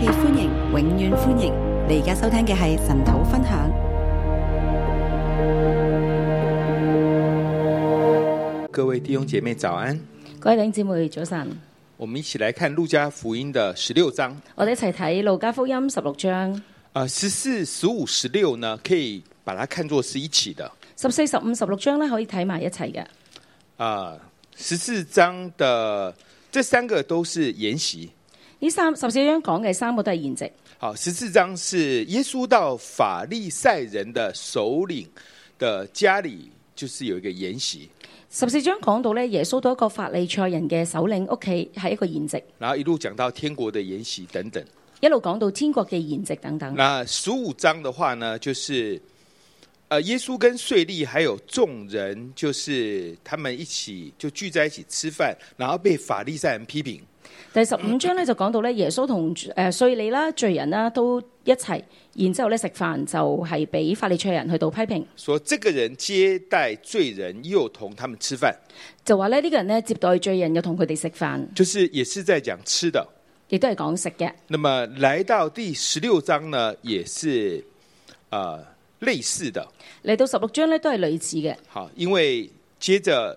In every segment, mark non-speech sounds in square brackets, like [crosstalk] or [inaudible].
歡迎，永遠歡迎！你而家收聽嘅係神土分享。各位弟兄姐妹早安，各位弟兄姊妹早晨。我們一起來看路加福音的十六章。我哋一齊睇路加福音十六章。啊，十四、十五、十六呢，可以把它看作是一起的。十四、十五、十六章呢，可以睇埋一齊嘅。啊，十四章的這三個都是筵席。呢三十四章講嘅三個都係宴席。好，十四章是耶穌到法利賽人的首領的家裏，就是有一個宴席。十四章講到咧，耶穌到一個法利賽人嘅首領屋企係一個宴席，然後一路講到天國的宴席等等，一路講到天國嘅宴席等等。那十五章的話呢，就是，誒，耶穌跟稅吏還有眾人，就是他們一起就聚在一起吃飯，然後被法利賽人批評。第十五章咧就講到咧耶穌同誒稅吏啦罪人啦都一齊，然之後咧食飯就係、是、俾法利賽人去到批評。說這個人接待罪人又同他們吃飯，就話咧呢、呢個人咧接待罪人又同佢哋食飯，就是也是在講吃的，亦都係講食嘅。那麼來到第十六章呢，也是啊、呃、類似的，嚟到十六章呢，都係類似嘅。好，因為接着。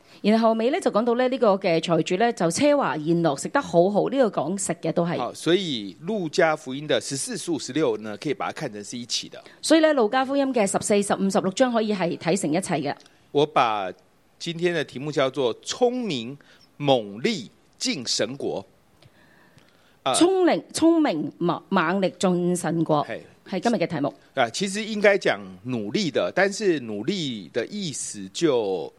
然後尾咧就講到咧呢、這個嘅財主咧就奢華宴樂食得好、這個、好呢個講食嘅都係，所以路加福音嘅十四、十五、十六呢，可以把它看成是一起嘅。所以咧路加福音嘅十四、十五、十六章可以係睇成一齊嘅。我把今天的題目叫做聰明猛力進神國。聰、呃、明聰明猛猛力進神國係係今日嘅題目啊。其實應該講努力的，但是努力的意思就。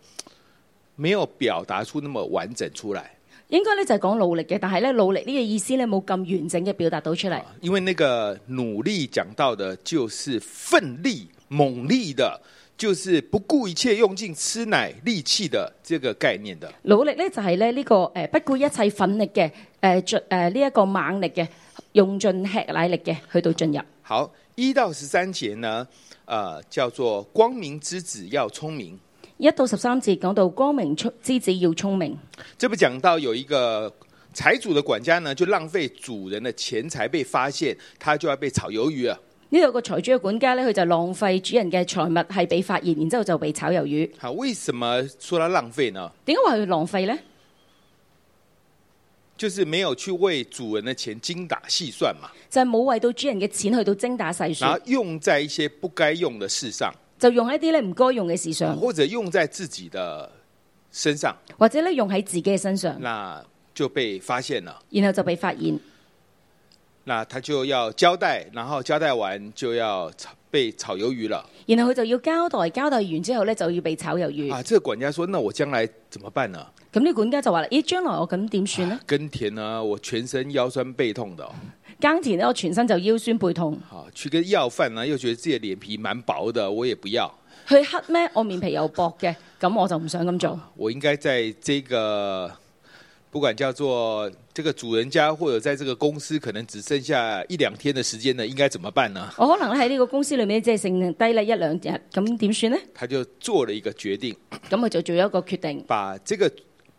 沒有表達出那麼完整出來，應該呢就係講努力嘅，但係呢，努力呢個意思呢冇咁完整嘅表達到出嚟。因為那個努力講到的，就是奮力、猛力的，就是不顧一切、用盡吃奶力氣的這個概念的。努力呢就係咧呢個誒不顧一切、奮力嘅誒進誒呢一個猛力嘅用盡吃奶力嘅去到進入。好，一到十三節呢，啊、呃、叫做光明之子要聰明。一到十三節講到光明之子要聰明，這邊講到有一個財主的管家呢，就浪費主人的錢財，被發現，他就要被炒魷魚啊！呢度有個財主嘅管家呢，佢就浪費主人嘅財物，係被發現，然之後就被炒魷魚。啊，為什麼說他浪費呢？點解話佢浪費呢？就是沒有去為主人的錢精打細算嘛，就係冇為到主人嘅錢去到精打細算，而用在一些不該用的事上。就用喺一啲咧唔該用嘅事上，或者用在自己嘅身上，或者咧用喺自己嘅身上，那就被發現了，然後就被發現，那他就要交代，然後交代完就要炒被炒魷魚了，然後佢就要交代，交代完之後咧就要被炒魷魚。啊，這個管家說：那我將來怎麼辦呢？咁呢管家就話啦：咦、哎，將來我咁點算呢？耕田呢，我全身腰酸背痛的。嗯耕田我全身就腰酸背痛。好，去個要飯又覺得自己臉皮蠻薄的，我也不要。佢黑咩？我面皮又薄嘅，咁 [laughs] 我就唔想咁做。我應該在這個不管叫做這個主人家，或者在這個公司，可能只剩下一兩天的時間呢，應該怎麼辦呢？我可能喺呢個公司裏面，即係剩低咧一兩日，咁點算呢？他就做了一個決定，咁 [laughs] 我就做咗一個決定，把這個。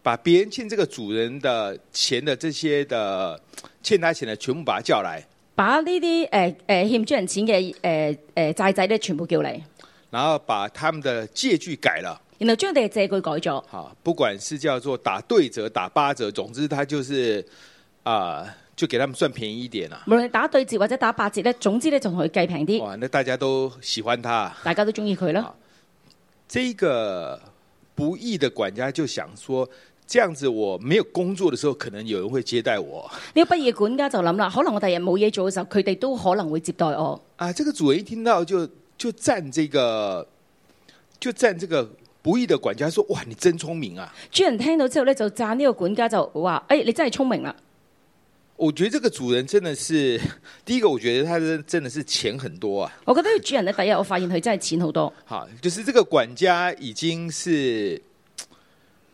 把別人欠這個主人的錢的這些的欠他錢的，全部把他叫來。把呢啲誒誒欠主人錢嘅誒誒債仔咧，全部叫嚟。然後把他們的借據改了。然後將佢哋借據改咗。好，不管是叫做打對折、打八折，總之他就是啊、呃，就給他們算便宜一點啦。無論打對折或者打八折呢，總之呢，就同佢計平啲。哇，那大家都喜歡他，大家都中意佢咯。這個不義的管家就想說。這樣子，我沒有工作的時候，可能有人會接待我。呢、這個不義的管家就諗啦，可能我第二日冇嘢做嘅時候，佢哋都可能會接待我。啊，這個主人一聽到就就讚這個，就讚這個不義的管家，說：哇，你真聰明啊！主人聽到之後呢，就讚呢個管家就話：誒、欸，你真係聰明啦、啊！我覺得這個主人真的是，第一個，我覺得他真真的是錢很多啊！我覺得主人呢，第一，我發現佢真係錢好多。好、啊，就是這個管家已經是。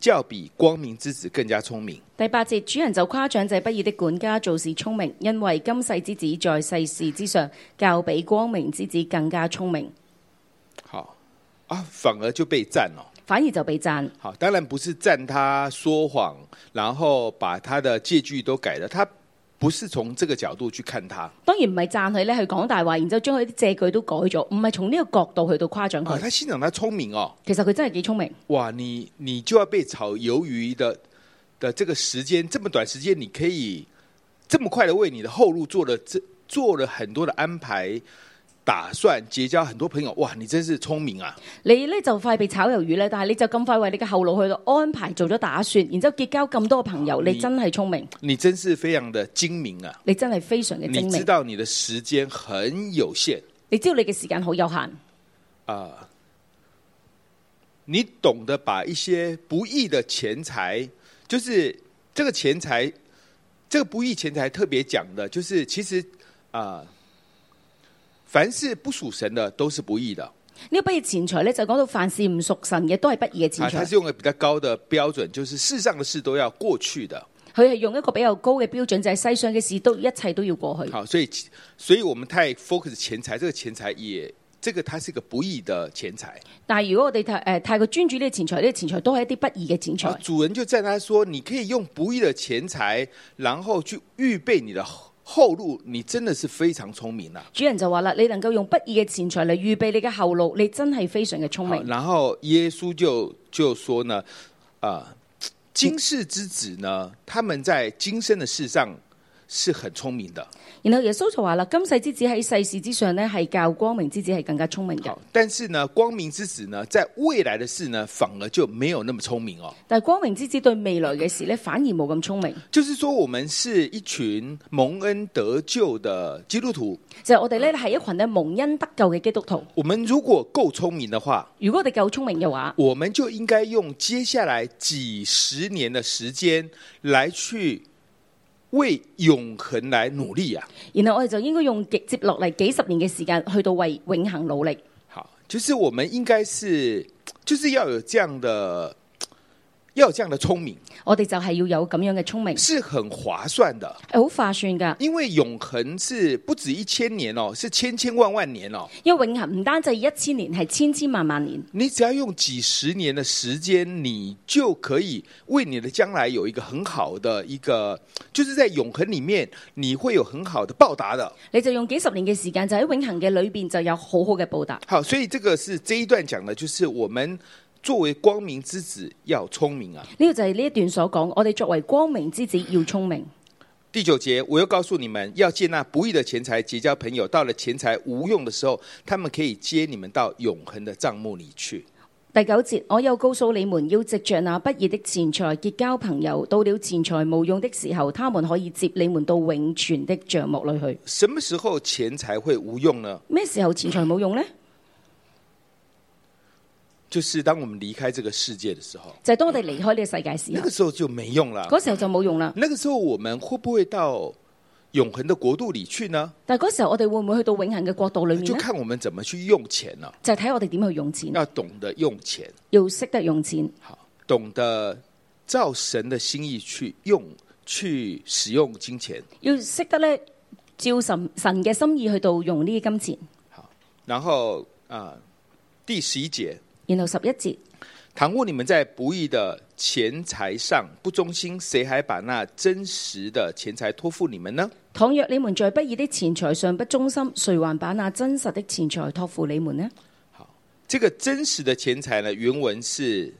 較比光明之子更加聰明。第八節，主人就誇獎這不義的管家做事聰明，因為今世之子在世事之上，較比光明之子更加聰明。好，啊，反而就被讚哦，反而就被讚。好，當然不是讚他說謊，然後把他的借據都改了。他。不是從這個角度去看他，當然唔係讚佢咧，去講大話，然之後將佢啲借據都改咗，唔係從呢個角度去到誇獎佢。啊，他欣賞他聰明哦，其實佢真係幾聰明。哇！你你就要被炒魷魚的的這個時間，這麼短時間，你可以這麼快的為你的後路做了，做做了很多的安排。打算結交很多朋友，哇！你真是聰明啊！你呢就快被炒魷魚咧，但係你就咁快為你嘅後路去到安排做咗打算，然之後結交咁多朋友，啊、你，你真係聰明。你真是非常的精明啊！你真係非常嘅精明。你知道你的時間很有限，你知道你嘅時間好有限啊、呃！你懂得把一些不義的錢財，就是這個錢財，這個不義錢財特別講的，就是其實啊。呃凡事不屬是不、這個、不，凡事不屬神的，都是不義的。呢個不義錢財呢，就講到凡事唔屬神嘅都係不義嘅錢財。啊，他是用一個比較高的標準，就是世上嘅事都要過去的。佢係用一個比較高嘅標準，就係、是、世上嘅事都一切都要過去。好、啊，所以所以我們太 focus 錢財，這個錢財也，這個它是一個不義嘅錢財。但係如果我哋太誒、呃、太過專注呢個錢財，呢、這個錢財都係一啲不義嘅錢財、啊。主人就讚他說，你可以用不義嘅錢財，然後去預備你的。後路，你真的是非常聰明啦！主人就話啦，你能夠用不義嘅錢財嚟預備你嘅後路，你真係非常嘅聰明。然後耶穌就就說呢，啊、呃，今世之子呢，他們在今生的世上，是很聰明的。然後耶穌就話啦：今世之子喺世事之上呢，係較光明之子係更加聰明嘅。但是呢，光明之子呢，在未來的事呢，反而就沒有那麼聰明哦。但係光明之子對未來嘅事呢，反而冇咁聰明。就是說，我們是一群蒙恩得救的基督徒。就係我哋呢，係一群呢蒙恩得救嘅基督徒。我們如果夠聰明的話，如果我哋夠聰明嘅話，我們就應該用接下來幾十年的時間來去。為永恒來努力啊！然後我哋就應該用接落嚟幾十年嘅時間，去到為永恒努力。好，就是我們應該是，就是要有這樣的。要有這樣的聰明，我哋就係要有咁樣嘅聰明，是很划算的，好划算噶。因為永恒是不止一千年哦，是千千萬萬年哦。因為永恒唔單止一千年，係千千萬萬年。你只要用幾十年的時間，你就可以為你的將來有一個很好的一個，就是在永恒裏面你會有很好的報答的。你就用幾十年嘅時間，就喺永恒嘅裏邊就有好好嘅報答。好，所以這個是這一段講嘅，就是我們。作為光明之子要聰明啊！呢個就係呢一段所講，我哋作為光明之子要聰明。第九節，我又告訴你們要借那不義的錢財，結交朋友。到了錢財無用嘅時候，他們可以接你們到永恒的帳幕裏去。第九節，我又告訴你們要藉著那不義的錢財，結交朋友。到了錢財無用的時候，他們可以接你們到永存的帳幕裏去。什麼時候錢財會無用呢？咩時候錢財冇用呢？就是當我們離開這個世界的時候，就係、是、當我哋離開呢個世界時候，那個時候就沒用啦。嗰、那個、時候就冇用啦。那個時候我們會不會到永恆的國度裏去呢？但係嗰時候我哋會唔會去到永恆嘅國度裏面？就看我們怎麼去用錢啦、啊。就係、是、睇我哋點去用錢，要懂得用錢，要識得用錢，好懂得照神的心意去用，去使用金錢。要識得呢，照神神嘅心意去到用呢啲金錢。好，然後啊、呃、第十一節。然後十一節，倘若你們在不義的錢財上不忠心，誰還把那真實的錢財託付你們呢？倘若你們在不義的錢財上不忠心，誰還把那真實的錢財託付你們呢？好，這個真實的錢財呢，原文是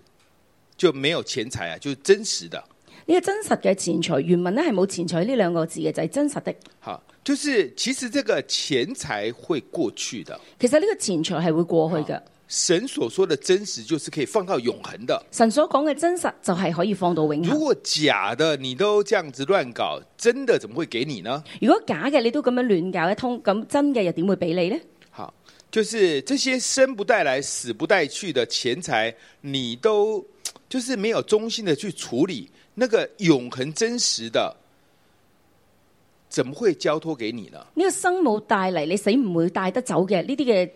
就沒有錢財啊，就是、真實的。呢、呢個真實嘅錢財原文呢係冇錢財呢兩個字嘅，就係、是、真實的。好，就是其實這個錢財會過去的。其實呢個錢財係會過去嘅。神所說的真實就是可以放到永恆的。神所講嘅真實就係可以放到永恆。如果假的你都這樣子亂搞，真的怎麼會給你呢？如果假嘅你都這樣亂搞一通，咁真嘅又點會俾你呢？好，就是這些生不帶來死不帶去的錢財，你都就是沒有忠心的去處理那個永恆真實的，怎麼會交託給你呢？呢、呢個生冇帶嚟，你死唔會帶得走嘅呢啲嘅。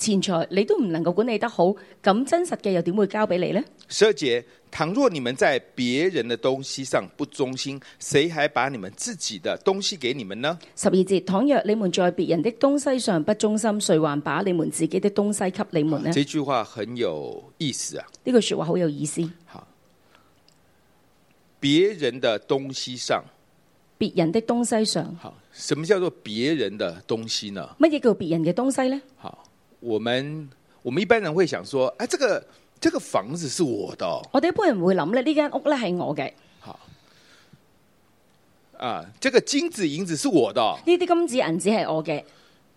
錢財你都唔能夠管理得好，咁真實嘅又點會交俾你呢？十二節，倘若你們在別人的東西上不忠心，誰還把你們自己的東西給你們呢？十二節，倘若你們在別人的東西上不忠心，誰還把你們自己的東西給你們呢？這句話很有意思啊！呢句說話好有意思。好，別人的東西上，別人的東西上，好，什麼叫做別人的東西呢？乜嘢叫別人嘅東西呢？好。我們我們一般人會想說，誒、啊，這個這個房子是我的。我哋一般人會諗咧，呢間屋咧係我嘅。好，啊，這個金子銀子是我的。呢啲金子銀子係我嘅。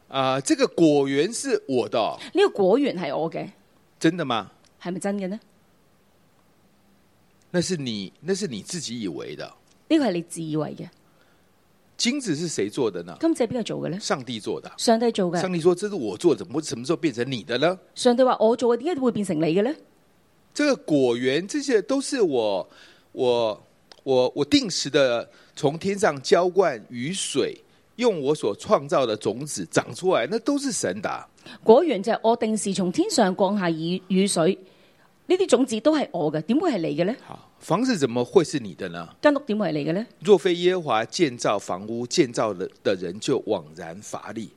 啊，這個果園是我的。呢個果園係我嘅。真的嗎？係咪真嘅呢？那是你，那是你自己以為的。呢個係你自以為嘅。金子是誰做的呢？金子邊個做嘅呢？上帝做的。上帝做嘅。上帝說：“這是我做的，怎麼會我什麼時候變成你的呢？”上帝話：“我做嘅，點解會變成你嘅呢？”這個果園，這些都是我、我、我、我定時的從天上澆灌雨水，用我所創造的種子長出來，那都是神的啊。果園就係我定時從天上降下雨雨水。呢啲種子都係我嘅，點會係你嘅呢？房子怎麼會是你的呢？間屋點會係你嘅呢？若非耶和華建造房屋，建造的的人就枉然乏力。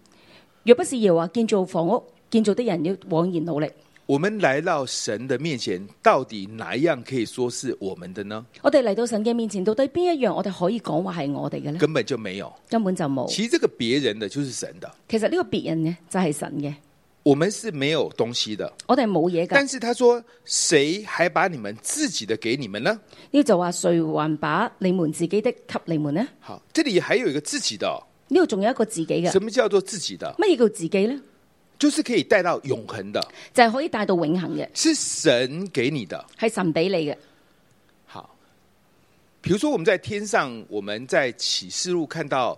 若不是耶和華建造房屋，建造的人要枉然努力。我們來到神的面前，到底哪一樣可以說是我們的呢？我哋嚟到神嘅面前，到底邊一樣我哋可以講話係我哋嘅呢？根本就沒有，根本就冇。其實呢個別人的就是神的。其實呢個別人呢就係神嘅。我們是沒有東西的，我哋冇嘢噶。但是他說，誰還把你們自己的給你們呢？呢就話誰還把你們自己的給你們呢？好，這裏還有一個自己的。呢度仲有一個自己嘅。什麼叫做自己的？乜嘢叫自己呢？就是可以帶到永恆的，就係、是、可以帶到永恆嘅。是神給你的，係神俾你嘅。好，比如說我們在天上，我們在啟示錄看到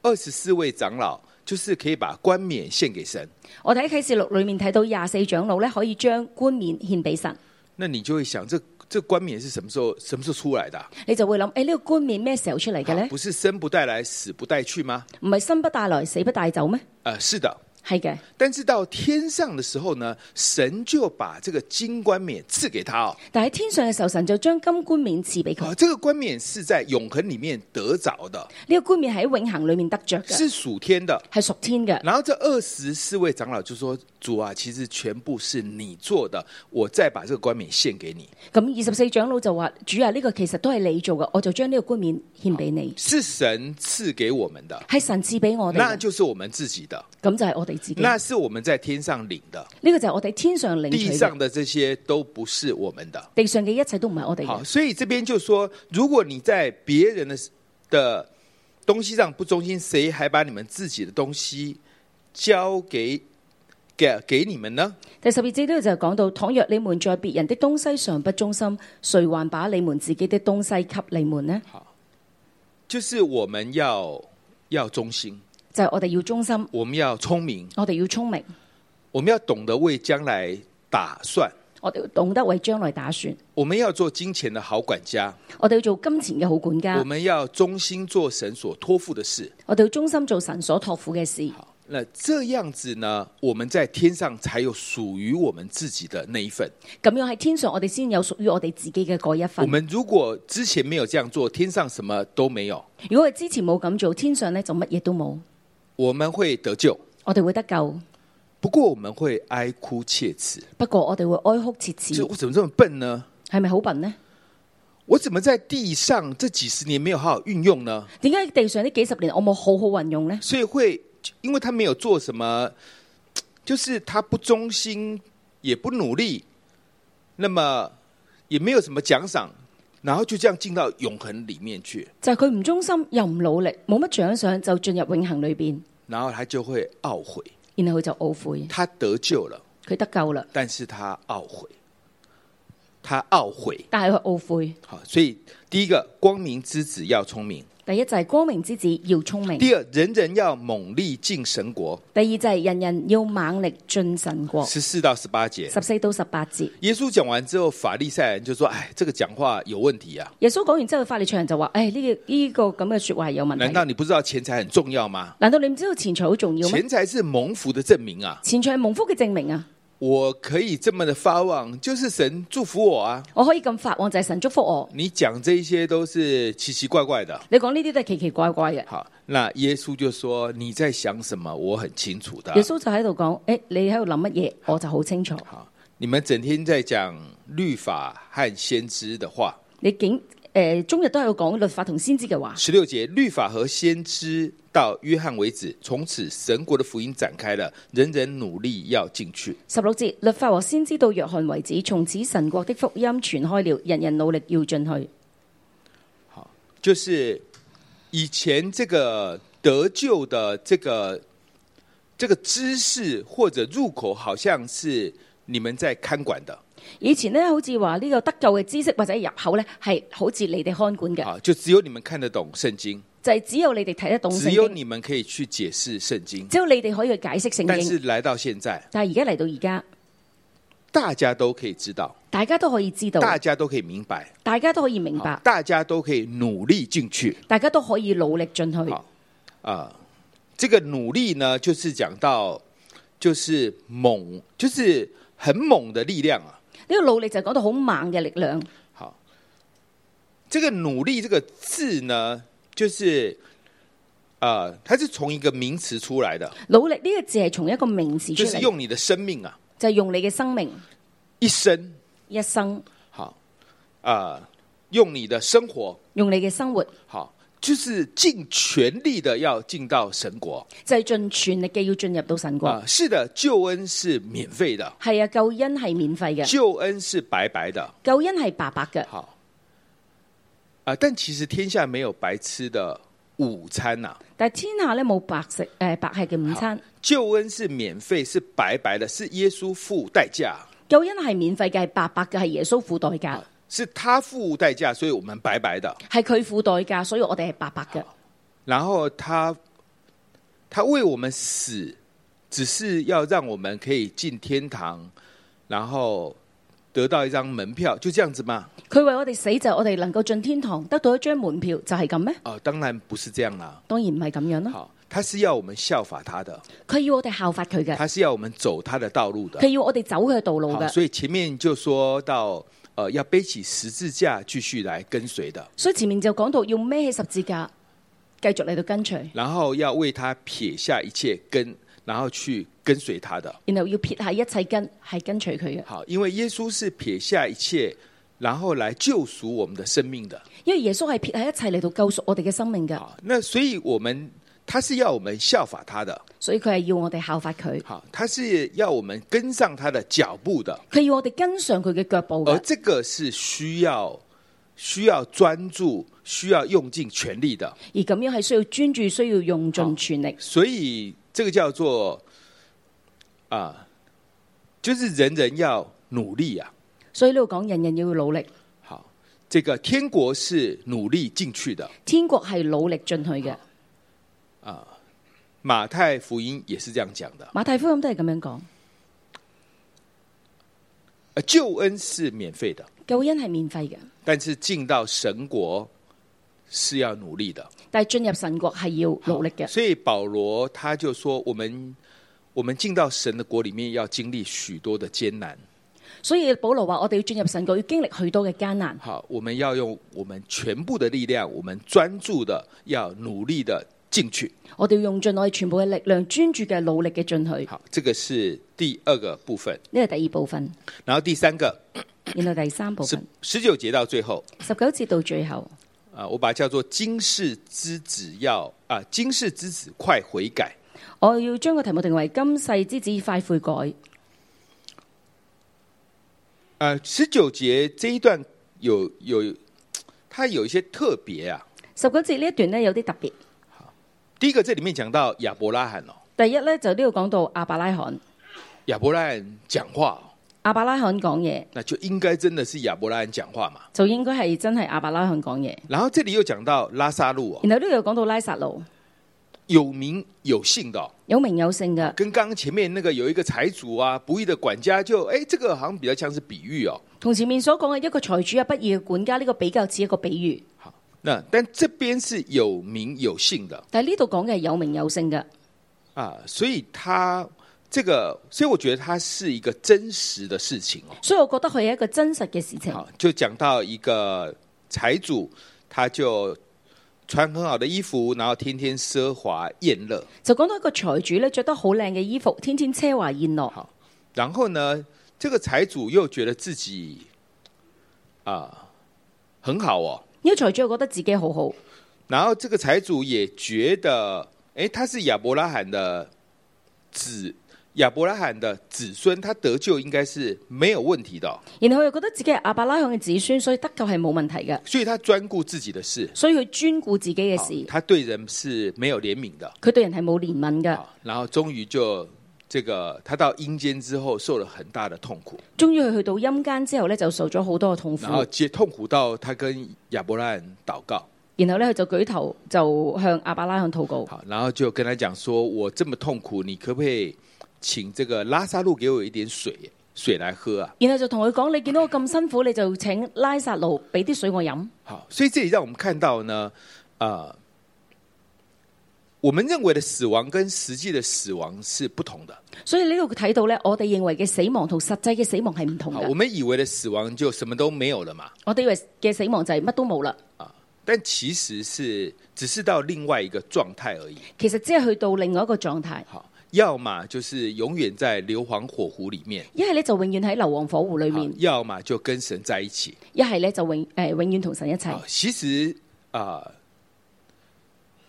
二十四位長老。就是可以把冠冕獻給神。我睇啟示錄裏面睇到廿四長老咧，可以將冠冕獻俾神。那你就會想，這這冠冕是什麼時候、什麼時候出來的？你就會諗，誒呢個冠冕咩時候出嚟嘅咧？不是生不帶來死不帶去嗎？唔係生不帶來死不帶走咩？誒，是的。係嘅，但是到天上的時候呢，神就把這個金冠冕賜給他哦。但喺天上嘅時候，神就將金冠冕賜俾佢，哦。哦，這個冠冕是在永恆裏面得着的。呢，這個冠冕喺永恆裏面得着嘅，是屬天的，係屬天嘅。然後這二十四位長老就說：主啊，其實全部是你做的，我再把這個冠冕獻給你。咁二十四長老就話：主啊，呢個其實都係你做嘅，我就將呢個冠冕獻俾你。是神賜給我們的，係神賜俾我哋，那就是我們自己的。咁、嗯、就係我哋。那是我們在天上領的，呢個就係我哋天上領。地上的這些都不是我們的，地上嘅一切都唔係我哋。好，所以這邊就說，如果你在別人的的東西上不忠心，誰還把你們自己的東西交給給給你們呢？第十二節呢就講到，倘若你們在別人的東西上不忠心，誰還把你們自己的東西給你們呢？好，就是我們要要忠心。就是、我哋要忠心，我們要聰明，我哋要聰明，我們要懂得為將來打算，我哋要懂得為將來打算，我們要做金錢的好管家，我哋要做金錢嘅好管家，我們要忠心做神所託付的事，我哋要忠心做神所託付嘅事。好，那這樣子呢，我們在天上才有屬於我們自己的那一份。咁樣喺天上，我哋先有屬於我哋自己嘅嗰一份。我們如果之前沒有這樣做，天上什麼都沒有。如果之前冇咁做，天上呢就乜嘢都冇。我們會得救，我哋會得救。不過我們會哀哭切齒。不過我哋會哀哭切齒。就我怎麼這麼笨呢？係咪好笨呢？我怎麼在地上這幾十年沒有好好運用呢？點解地上呢幾十年我冇好好運用呢？所以會，因為他沒有做什麼，就是他不忠心，也不努力，那麼也沒有什麼獎賞。然後就這樣進到永恒裏面去，就係佢唔忠心又唔努力，冇乜獎賞就進入永恒裏邊。然後他就會懊悔，然後他就懊悔。他得救了，佢得救啦，但是他懊悔，他懊悔。但係佢懊悔，好，所以第一個光明之子要聰明。第一就係光明之子要聰明。第二，人人要猛力進神國。第二就係人人要猛力進神國。十四到十八節，十四到十八節。耶穌講完之後，法利賽人就說：唉，這個講話有問題啊。耶穌講完之後，法利賽人就話：哎，呢個呢個咁嘅說話係有問題。難道你不知道錢財很重要嗎？難道你唔知道錢財好重要嗎？錢財是蒙福的證明啊！錢財係蒙福嘅證明啊！我可以這麼的發旺，就是神祝福我啊！我可以咁發旺就係神祝福我。你講這些都是奇奇怪怪的。你講呢啲都係奇奇怪怪嘅。好，那耶穌就說：你在想什麼？我很清楚的。耶穌就喺度講：誒，你喺度諗乜嘢？我就好清楚。好，好，你們整天在講律法和先知的話。你中日都有講律法同先知嘅話。十六節律法和先知到約翰為止，從此神國的福音展開了，人人努力要進去。十六節律法和先知到約翰為止，從此神國的福音傳開了，人人努力要進去。就是以前這個得救的這個這個知識或者入口，好像是你們在看管的。以前呢好似話呢個得救嘅知識或者入口呢係好似你哋看管嘅。啊，就只有你們看得懂聖經。就係、是、只有你哋睇得懂聖經。只有你們可以去解釋聖經。只有你哋可以去解釋聖經。但是來到現在，但係而家嚟到而家，大家都可以知道，大家都可以知道，大家都可以明白，大家都可以明白，大家都可以努力進去，大家都可以努力進去。啊、呃，這個努力呢，就是講到，就是猛，就是很猛的力量啊。呢、這個努力就講到好猛嘅力量力。好，這個努力這個字呢，就是，啊、呃，它是從一個名詞出來的。努力呢個字係從一個名詞出嚟，就是用你的生命啊，就係、是、用你嘅生命，一生，一生，好，啊、呃，用你的生活，用你嘅生活，好。就是盡全力的要進到神國，就係、是、盡全力嘅,要進入到神國。啊，是的，救恩是免費的，係啊，救恩係免費嘅，救恩是白白的，救恩係白白嘅。好，啊，但其實天下沒有白吃的午餐呐、啊，但係天下咧冇白食誒、呃、白食嘅午餐。救恩是免費，是白白的，是耶穌付代價。救恩係免費嘅，係白白嘅，係耶穌付代價。是他付代價，所以我們白白的。係佢付代價，所以我哋係白白嘅。然後他，他為我們死，只是要讓我們可以進天堂，然後得到一張門票，就這樣子嗎？佢為我哋死就我哋能夠進天堂，得到一張門票就係咁咩？啊，哦，當然不是這樣啦。當然唔係咁樣咯。好，他是要我們效法他的。佢要我哋效法佢嘅。他是要我們走他的道路的。佢要我哋走佢嘅道路嘅。所以前面就說到。呃、要背起十字架繼續來跟隨的。所以前面就講到要孭起十字架，繼續嚟到跟隨。然後要為他撇下一切跟，然後去跟隨他的。然後要撇下一切跟，係跟隨佢嘅。好，因為耶穌是撇下一切，然後來救贖我們的生命的。因為耶穌係撇下一切嚟到救贖我哋嘅生命嘅。好，那所以我們。他是要我們效法他的，所以佢係要我哋效法佢。好，他是要我們跟上他的腳步的。佢要我哋跟上佢嘅腳步的。而這個是需要需要專注，需要用盡全力的。而咁樣係需要專注，需要用盡全力。所以，這個叫做啊，呃，就是人人要努力啊。所以呢度講人人要努力。好，這個天國是努力進去的。天國係努力進去嘅。啊，馬太福音也是這樣講的。馬太福音都係咁樣講。救恩是免費的。救恩係免費嘅，但是進到神國是要努力的。但是進入神國係要努力嘅。所以保羅他就說我，我們我們進到神的國裏面，要經歷許多的艱難。所以保羅話，我哋要進入神國，要經歷許多嘅艱難。好，我們要用我們全部的力量，我們專注的，要努力的。進去，我哋要用盡我哋全部嘅力量，專注嘅努力嘅進去。好，這個是第二個部分。呢係第二部分，然後第三個，然後第三部分，十,十九節到最後，十九節到最後。啊，我把它叫做今世之子要啊，今世之子快悔改。我要將個題目定為今世之子快悔改。啊，十九節呢一段有有，它有一些特別啊。十九節呢一段呢，有啲特別，啊。第一個，這裏面講到亞伯拉罕、哦、第一呢，就都要講到亞伯拉罕。亞伯拉罕講話、哦。亞伯拉罕講嘢，那就應該真的是亞伯拉罕講話嘛？就應該係真係亞伯拉罕講嘢。然後這裏又講到拉撒路、哦。然後呢度又講到拉撒路、哦，有名有姓的、哦、有名有姓噶，跟剛前面那個有一個財主啊，不義的管家就，就、欸、誒，這個好像比較像是比喻哦。同前面所講嘅一個財主啊，不義嘅管家，呢、這個比較似一個比喻。那但這邊是有名有姓的，但呢度講嘅係有名有姓嘅，啊，所以他這個，所以我覺得他是一個真實的事情哦。所以我覺得佢係一個真實嘅事情。好、啊，就講到一個財主，他就穿很好的衣服，然後天天奢華宴樂。就講到一個財主呢，着得好靚嘅衣服，天天奢華宴樂。好、啊，然後呢，這個財主又覺得自己啊，很好哦。因為財主覺得自己好好，然後這個財主也覺得，誒，他是亞伯拉罕的子，亞伯拉罕的子孫，他得救應該是沒有問題的。然後又覺得自己係亞伯拉罕嘅子孫，所以得救係冇問題嘅。所以，他專顧自己的事，所以佢專顧自己嘅事，他對人是沒有憐憫的，佢對人係冇憐憫嘅。然後，終於就。這個他到陰間之後，受了很大的痛苦。終於佢去到陰間之後呢，就受咗好多嘅痛苦。然後痛苦到他跟亞伯拉罕禱告，然後佢就舉頭就向亞伯拉罕禱告。好，然後就跟他講說：說我這麼痛苦，你可不可以請這個拉撒路給我一點水，水來喝啊？然後就同佢講：你見到我咁辛苦，你就請拉撒路俾啲水我飲。好，所以這裏讓我們看到呢，啊、呃。我們認為的死亡跟實際的死亡是不同的，所以呢度睇到呢，我哋認為嘅死亡同實際嘅死亡係唔同嘅。我們以為的死亡就什麼都沒有了嘛？我哋以為嘅死亡就係乜都冇啦。但其實是只是到另外一個狀態而已。其實只係去到另外一個狀態。要麼就是永遠在硫磺火湖裏面，一係呢就永遠喺硫磺火湖裏面，要麼就跟神在一起，一係呢，就永誒、呃、永遠同神一齊。其實啊。呃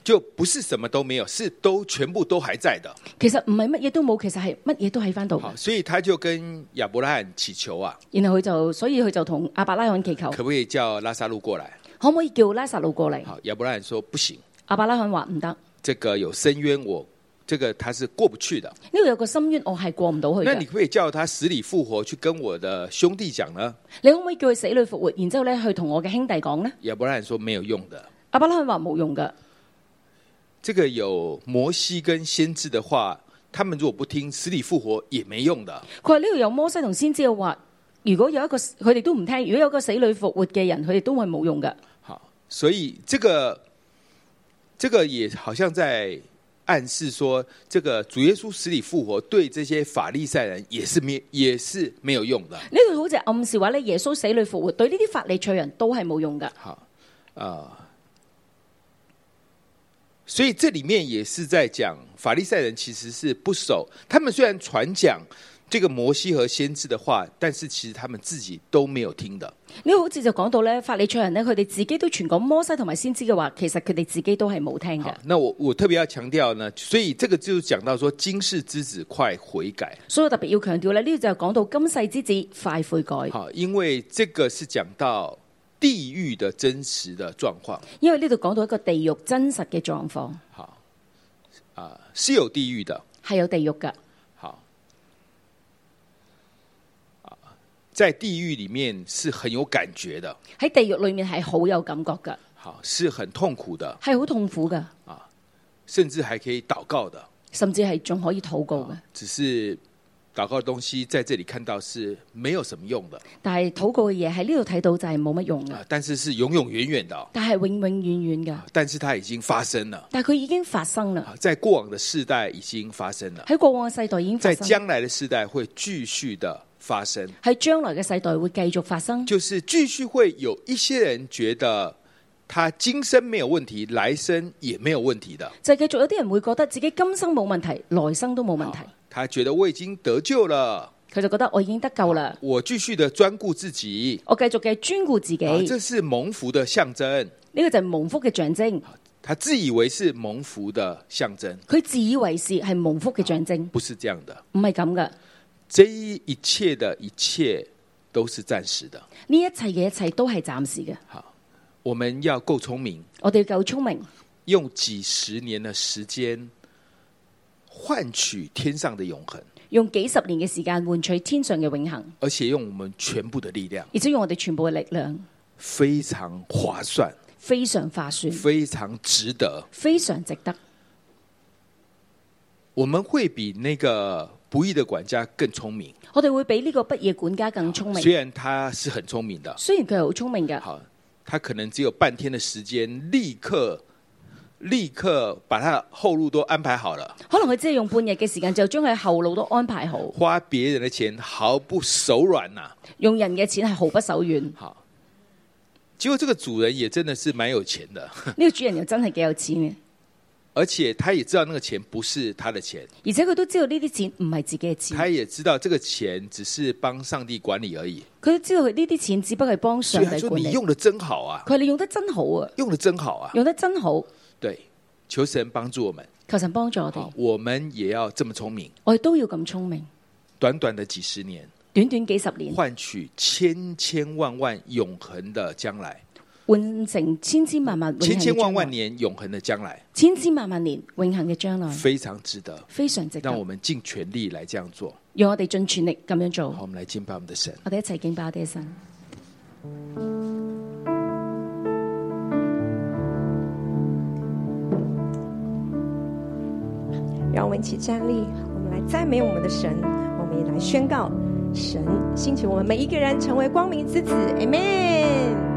就不是什麼都沒有，是都全部都還在的。其實唔係乜嘢都冇，其實係乜嘢都喺翻度。所以他就跟亞伯拉罕祈求啊，然後佢就所以佢就同阿伯拉罕祈求。可唔可以叫拉薩路過嚟？可唔可以叫拉薩路過嚟？好，亞伯拉罕說不行。阿伯拉罕話唔得，這個有深淵，我這個他是過不去的。呢度有個深淵，我係過唔到去。那你可以叫他死裏復活去跟我的兄弟講呢？你可唔可以叫佢死裏復活，然之後咧去同我嘅兄弟講呢？亞伯拉罕說沒有用的。阿伯拉罕話冇用嘅。這個有摩西跟先知的話，他們如果不聽，死裏復活也沒用的。佢話呢度有摩西同先知嘅話，如果有一個佢哋都唔聽，如果有一個死裏復活嘅人，佢哋都會冇用嘅。吓，所以這個，這個也好像在暗示說，這個主耶穌死裏復活對這些法利賽人也是沒也是沒有用的。呢度好似暗示話咧，耶穌死裏復活對呢啲法利賽人都係冇用嘅。吓，啊、呃。所以這裏面也是在講法利賽人其實是不守，他們雖然傳講這個摩西和先知的話，但是其實他們自己都沒有聽的。你、這個、好似就講到咧，法利賽人呢，佢哋自己都傳講摩西同埋先知嘅話，其實佢哋自己都係冇聽嘅。好，那我我特別要強調呢，所以這個就講到說今世之子快悔改。所以我特別要強調呢，呢、這個就係講到今世之子快悔改。好，因為這個是講到。地獄的真實的狀況，因為呢度講到一個地獄真實嘅狀況。好，啊，是有地獄的，係有地獄嘅。好，在地獄裏面是很有感覺的，喺地獄裏面係好有感覺嘅。好，是很痛苦的，係好痛苦嘅。甚至還可以禱告的，甚至係仲可以禱告嘅，只是。禱告的東西在這裏看到是沒有什麼用的，但係禱告嘅嘢喺呢度睇到就係冇乜用嘅。但是是永永遠遠的，但係永永遠遠嘅。但是它已經發生了，但佢已經發生了。在過往的世代已經發生了，喺過往嘅世代已經發生，在將來的世代會繼續的發生，喺將來嘅世代會繼續發生，就是繼續會有一些人覺得，他今生沒有問題，來生也沒有問題的，就繼續有啲人會覺得自己今生冇問題，來生都冇問題。他覺得我已經得救了，佢就覺得我已經得救啦。我繼續的專顧自己，我繼續嘅專顧自己，這是蒙福的象徵。呢個就係蒙福嘅象徵。他自以為是蒙福的象徵，佢自以為是係蒙福嘅象徵，不是這樣的，唔係咁嘅。這一切嘅一切都是暫時嘅。呢一切嘅一切都係暫時嘅。好，我們要夠聰明，我哋要夠聰明，用幾十年嘅時間，換取天上的永恆，用幾十年嘅時間換取天上嘅永恆，而且用我們全部的力量，而且用我哋全部嘅力量，非常划算，非常划算，非常值得，非常值得。我們會比那個不義的管家更聰明，我哋會比呢個不義嘅管家更聰明。雖然他是很聰明的，雖然佢係好聰明嘅，好，他可能只有半天的時間，立刻。立刻把他後路都安排好了，可能佢只係用半日嘅時間就將佢後路都安排好，花別人嘅錢毫不手軟呐，用人嘅錢係毫不手軟。好，結果這個主人也真的是蠻有錢的，呢個主人又真係幾有錢嘅。而且他也知道那個錢不是他的錢，而且佢都知道呢啲錢唔係自己嘅錢。他也知道這個錢只是幫上帝管理而已。佢知道呢啲錢只不過係幫上帝管理。你用得真好啊！佢話你用得真好啊！用得真好啊！用得真好。對，求神幫助我們，求神幫助我哋，我們也要這麼聰明，我哋都要咁聰明。短短的幾十年，短短幾十年換取千千萬萬萬永恒的將來。完成千千萬萬，千千萬萬年永恆的將來。千千萬萬年永恆的將來，非常值得，非常值得，讓我們盡全力來這樣做。讓我哋盡全力咁樣做。好，我們來敬拜我們的神。我哋一齊敬拜我哋嘅神。讓我們一起站立，我們來讚美我們的神，我們也來宣告神，請求我們每一個人成為光明之子。Amen。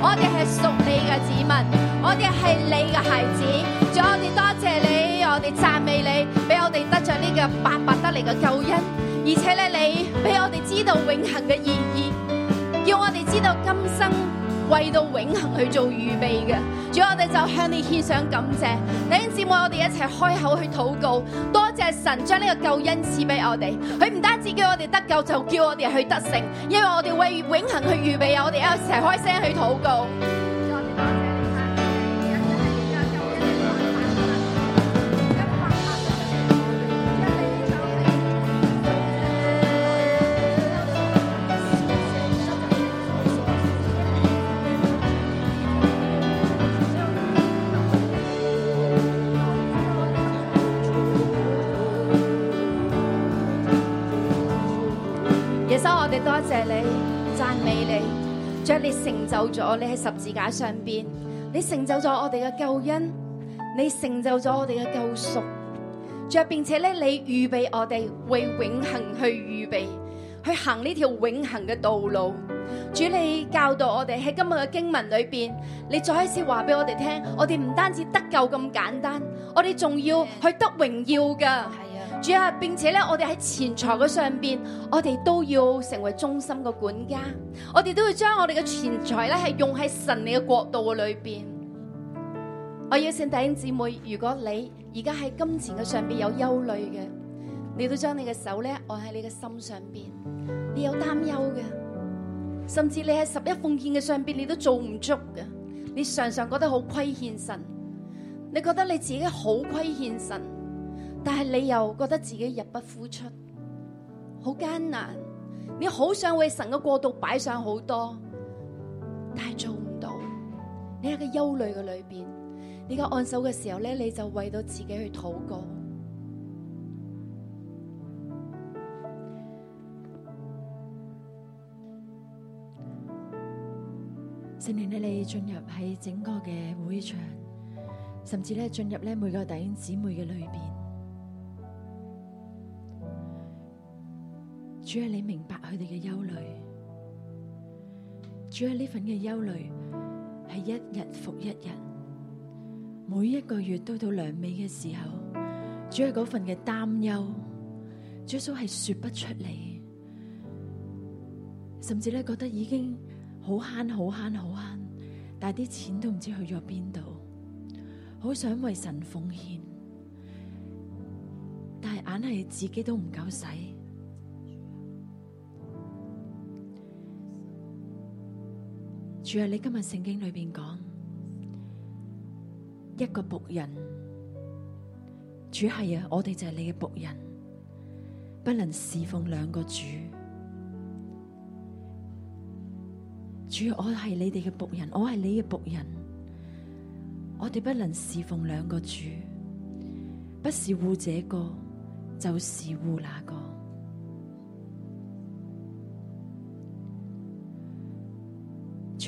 我哋係屬你嘅子民，我哋係你嘅孩子。仲有我哋多謝你，我哋讚美你，俾我哋得着呢個白白得嚟嘅救恩。而且咧，你俾我哋知道永恒嘅意義，叫我哋知道今生。為到永恒去做預備嘅，主要我哋就向你獻上感謝。弟兄姊妹，我哋一齊開口去禱告，多謝神將呢個救恩賜俾我哋。佢唔單止叫我哋得救，就叫我哋去得勝，因為我哋為永恒去預備啊！我哋一齊開聲去禱告。多謝你，讚美你，着你成就咗你喺十字架上邊，你成就咗我哋嘅救恩，你成就咗我哋嘅救贖，着並且咧你預備我哋為永恒去預備，去行呢條永恒嘅道路。主，你教導我哋喺今日嘅經文裏邊，你再一次話俾我哋聽，我哋唔單止得救咁簡單，我哋仲要去得榮耀噶。主啊，係並且咧，我哋喺錢財嘅上邊，我哋都要成為忠心嘅管家，我哋都要將我哋嘅錢財咧係用喺神你嘅國度嘅裏邊。我邀請弟兄姊妹，如果你而家喺金錢嘅上邊有憂慮嘅，你都將你嘅手咧按喺你嘅心上邊，你有擔憂嘅，甚至你喺十一奉獻嘅上邊你都做唔足嘅，你常常覺得好虧欠神，你覺得你自己好虧欠神。但係你又覺得自己入不敷出，好艱難。你好想為神嘅國度擺上好多，但係做唔到。你喺個憂慮嘅裏邊，你個按手嘅時候咧，你就為到自己去禱告。聖靈你哋進入喺整個嘅會場，甚至咧進入咧每個弟兄姊妹嘅裏邊。主要你明白佢哋嘅憂慮。主啊，呢份嘅憂慮係一日復一日，每一個月都到兩尾嘅時候，主啊嗰份嘅擔憂，主係說不出嚟，甚至咧覺得已經好慳好慳好慳，但係啲錢都唔知去咗邊度，好想為神奉獻，但係硬係自己都唔夠使。主啊，你今日聖經裏邊講一個僕人，主係啊，我哋就係你嘅僕人，不能侍奉兩個主。主，我係你哋嘅僕人，我係你嘅僕人，我哋不能侍奉兩個主，不是護這個，就是護那個。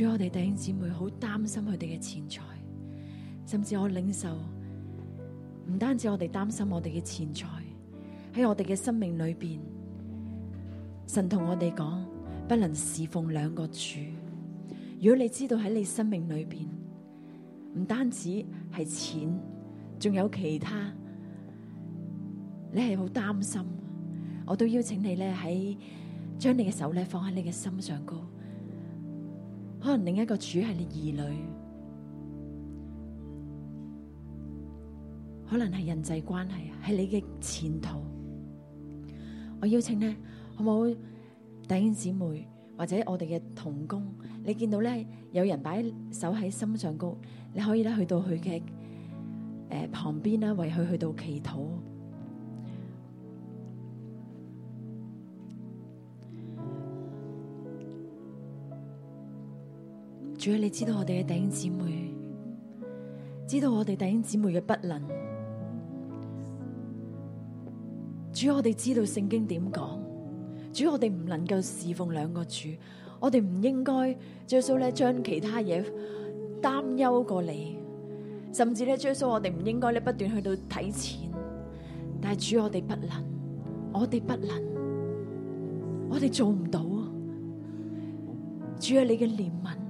所以我哋弟兄姊妹好擔心佢哋嘅錢財，甚至我領受唔單止我哋擔心我哋嘅錢財，喺我哋嘅生命裏邊，神同我哋講不能侍奉兩個主。如果你知道喺你生命裏邊，唔單止係錢，仲有其他，你係好擔心，我都邀請你咧喺將你嘅手咧放喺你嘅心上高。可能另一個主係你兒女，可能係人際關係，係你嘅前途。我邀請你，好唔好？弟兄姊妹或者我哋嘅同工，你見到咧有人擺手喺心上高，你可以咧去到佢嘅誒旁邊啦，為佢去到祈禱。主要你知道我哋嘅弟兄姊妹，知道我哋弟兄姊妹嘅不能。主，我哋知道聖經點講。主，我哋唔能夠侍奉兩個主。我哋唔應該，耶穌咧將其他嘢擔憂過你。甚至咧，耶穌，我哋唔應該咧不斷去到睇錢。但係，主，我哋不能，我哋不能，我哋做唔到啊！主要你嘅憐憫。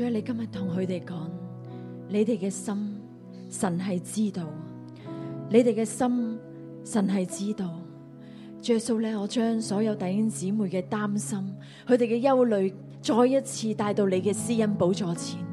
所以你今日同佢哋講，你哋嘅心神係知道，你哋嘅心神係知道。耶穌咧，我將所有弟兄姊妹嘅擔心，佢哋嘅憂慮，再一次帶到你嘅施恩寶座前。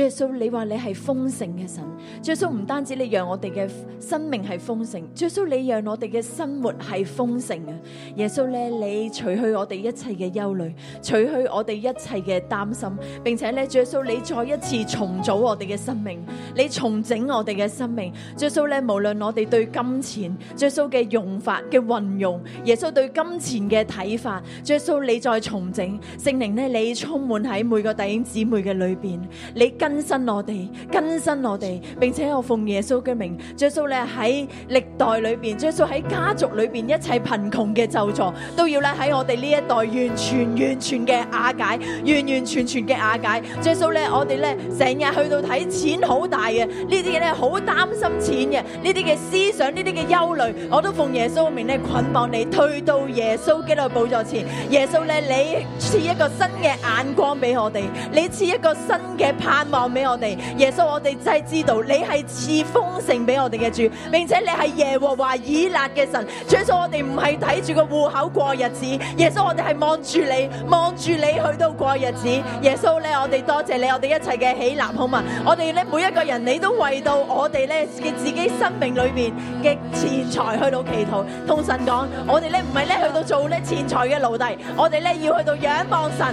耶穌，你話你係豐盛嘅神，耶穌唔單止你讓我哋嘅生命係豐盛，耶穌你讓我哋嘅生活係豐盛啊！耶穌咧，你除去我哋一切嘅憂慮，除去我哋一切嘅擔心，並且咧，耶穌你再一次重組我哋嘅生命，你重整我哋嘅生命。耶穌咧，無論我哋對金錢，耶穌嘅用法嘅運用，耶穌對金錢嘅睇法，耶穌你再重整，聖靈呢，你充滿喺每個弟兄姊妹嘅裏邊，你。更新我哋，更新我哋，並且我奉耶穌嘅名，耶穌咧喺歷代裏邊，耶穌，喺家族裏邊一切貧窮嘅就助都要咧喺我哋呢一代完全完全嘅瓦解，完完全全嘅瓦解。耶穌咧，我哋咧成日去到睇錢好大嘅呢啲嘢咧，好擔心錢嘅呢啲嘅思想，呢啲嘅憂慮，我都奉耶穌嘅名咧捆綁你，退到耶穌基督嘅寶座前。耶穌咧，你賜一個新嘅眼光俾我哋，你賜一個新嘅盼。望俾我哋耶穌，我哋真係知道你係賜豐盛俾我哋嘅主，並且你係耶和華以勒嘅神。耶穌，我哋唔係睇住個戶口過日子，耶穌，我哋係望住你，望住你去到過日子。耶穌咧，我哋多謝你，我哋一齊嘅喜納好嘛？我哋咧每一個人，你都為到我哋咧嘅自己生命裡面嘅錢財去到祈禱。通神講，我哋咧唔係咧去到做咧錢財嘅奴隸，我哋咧要去到仰望神。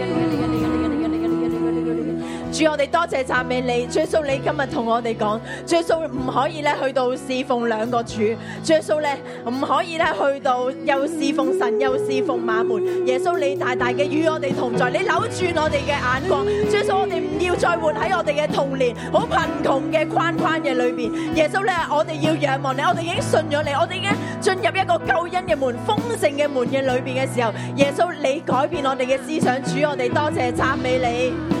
主，我哋多謝讚美你，耶穌你今日同我哋講，耶穌唔可以咧去到侍奉兩個主，耶穌咧唔可以咧去到又侍奉神又侍奉馬門。耶穌你大大嘅與我哋同在，你扭住我哋嘅眼光，耶穌我哋唔要再活喺我哋嘅童年好貧窮嘅框框嘅裏邊。耶穌咧，我哋要仰望你，我哋已經信咗你，我哋已經進入一個救恩嘅門、豐盛嘅門嘅裏邊嘅時候。耶穌你改變我哋嘅思想，主我哋多謝讚美你。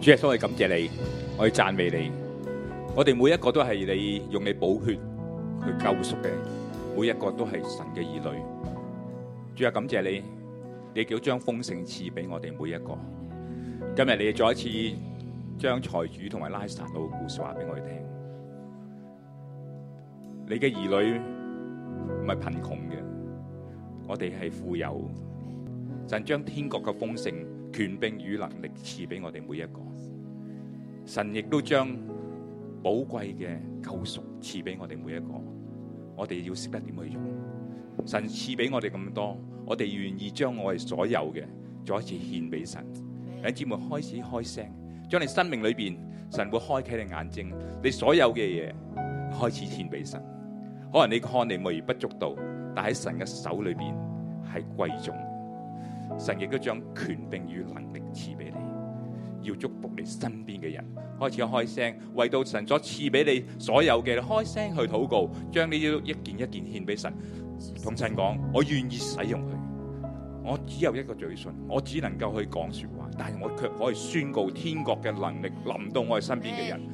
主啊，所以感謝你，我要讚美你，我哋每一個都係你用你寶血去救贖嘅，每一個都係神嘅兒女。主啊，感謝你，你叫將豐盛賜俾我哋每一個。今日你再一次將財主同埋拉撒路嘅故事話俾我哋聽，你嘅兒女唔係貧窮嘅。我哋係富有，神將天國嘅豐盛、權柄與能力賜俾我哋每一個。神亦都將寶貴嘅救贖賜俾我哋每一個。我哋要識得點去用。神賜俾我哋咁多，我哋願意將我哋所有嘅再一次獻俾神。弟兄姊妹開始開聲，將你生命裏邊神會開啟你眼睛，你所有嘅嘢開始獻俾神。可能你看你微不足道。但喺神嘅手裏邊係貴重，神亦都將權柄與能力賜俾你要祝福你身邊嘅人，開始開聲，為到神所賜俾你所有嘅，開聲去禱告，將呢啲一件一件獻俾神。同神講，我願意使用佢。我只有一個嘴唇，我只能夠去講說話，但係我卻可以宣告天國嘅能力臨到我哋身邊嘅人。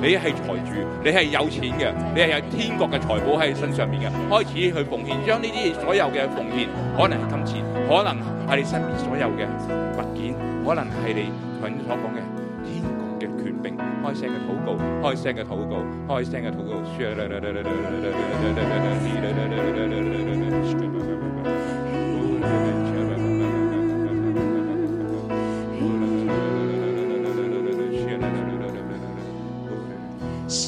你係財主，你係有錢嘅，你係有天國嘅財寶喺你身上面嘅，開始去奉獻，將呢啲所有嘅奉獻，可能係金錢，可能係你身邊所有嘅物件，可能係你頭先所講嘅天國嘅權柄，開聲嘅禱告，開聲嘅禱告，開聲嘅禱告。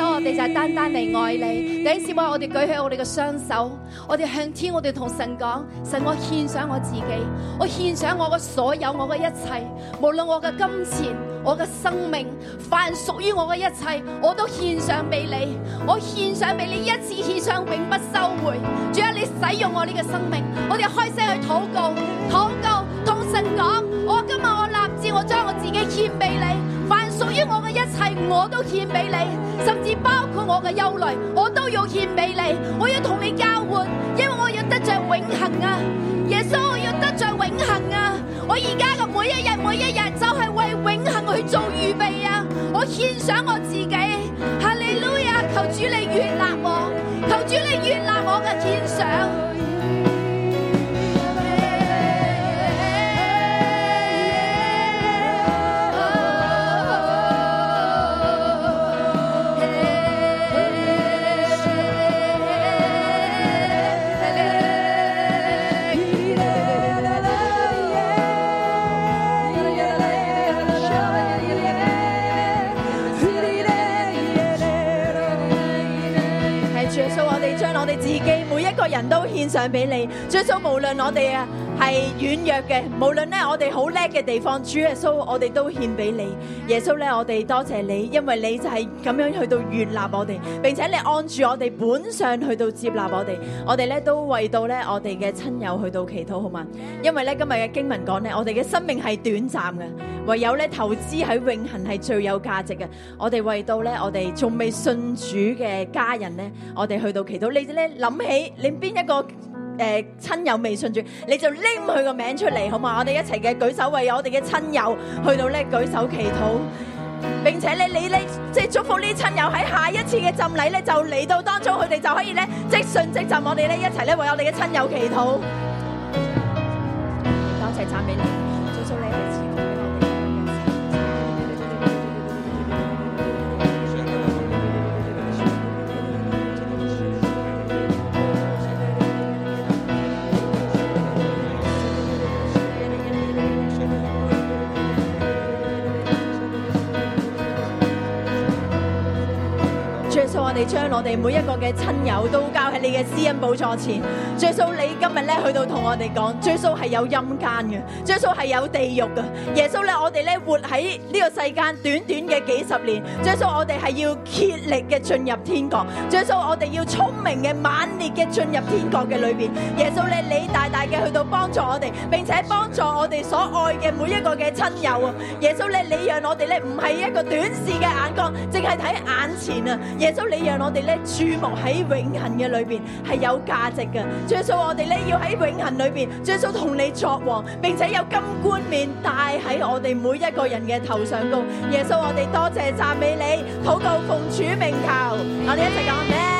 當我哋就係單單嚟愛你，第一次話我哋舉起我哋嘅雙手，我哋向天，我哋同神講：神，我獻上我自己，我獻上我嘅所有，我嘅一切，無論我嘅金錢，我嘅生命，凡屬於我嘅一切，我都獻上俾你，我獻上俾你，一次獻上永不收回。主啊，你使用我呢個生命，我哋開聲去禱告，禱告同神講：我今日我立志，我將我自己獻俾你。屬於我嘅一切，我都獻俾你，甚至包括我嘅憂慮，我都要獻俾你。我要同你交換，因為我要得着永恒啊！耶穌，我要得着永恒啊！我而家嘅每一日，每一日，就係為永恒去做預備啊！我獻上我自己，哈利路亞！求主你悅納我，求主你悅納我嘅獻上。自己每一個人都獻上俾你，最少無論我哋啊，係軟弱嘅，無論咧我哋好叻嘅地方，主耶穌我哋都獻俾你。耶穌咧，我哋多謝，謝你，因為你就係咁樣去到悅納我哋，並且你按住我哋本相去到接納我哋。我哋咧都為到咧我哋嘅親友去到祈禱，好嘛？因為咧今日嘅經文講咧，我哋嘅生命係短暫嘅，唯有咧投資喺永恆係最有價值嘅。我哋為到咧我哋仲未信主嘅家人咧，我哋去到祈禱。你咧諗起你邊一個？誒，親友未信主，你就拎佢個名字出嚟，好嗎？我哋一齊嘅舉手為我哋嘅親友去到咧舉手祈禱，並且咧你咧即係祝福呢親友喺下一次嘅浸禮咧就嚟到當中，佢哋就可以咧即信即浸，我哋咧一齊咧為我哋嘅親友祈禱。多謝讚俾你。一齊參將我哋每一個嘅親友都交喺你嘅施恩寶座前。耶穌，你今日咧去到同我哋講，耶穌係有陰間嘅，耶穌係有地獄嘅。」耶穌咧，我哋咧活喺呢個世間短短嘅幾十年。耶穌，我哋係要竭力嘅進入天國。耶穌，我哋要聰明嘅猛烈嘅進入天國嘅裏邊。耶穌咧，你大大嘅去到幫助我哋，並且幫助我哋所愛嘅每一個嘅親友啊！耶穌咧，你讓我哋咧唔係一個短視嘅眼光，淨係睇眼前啊！耶穌，你讓我們讓我哋咧注目喺永恒嘅裏邊係有價值嘅。耶穌我哋咧要喺永恒裏邊，耶穌同你作王，並且有金冠冕戴喺我哋每一個人嘅頭上高。耶穌我哋多謝讚美你，禱告奉主名求，我哋一齊講咩？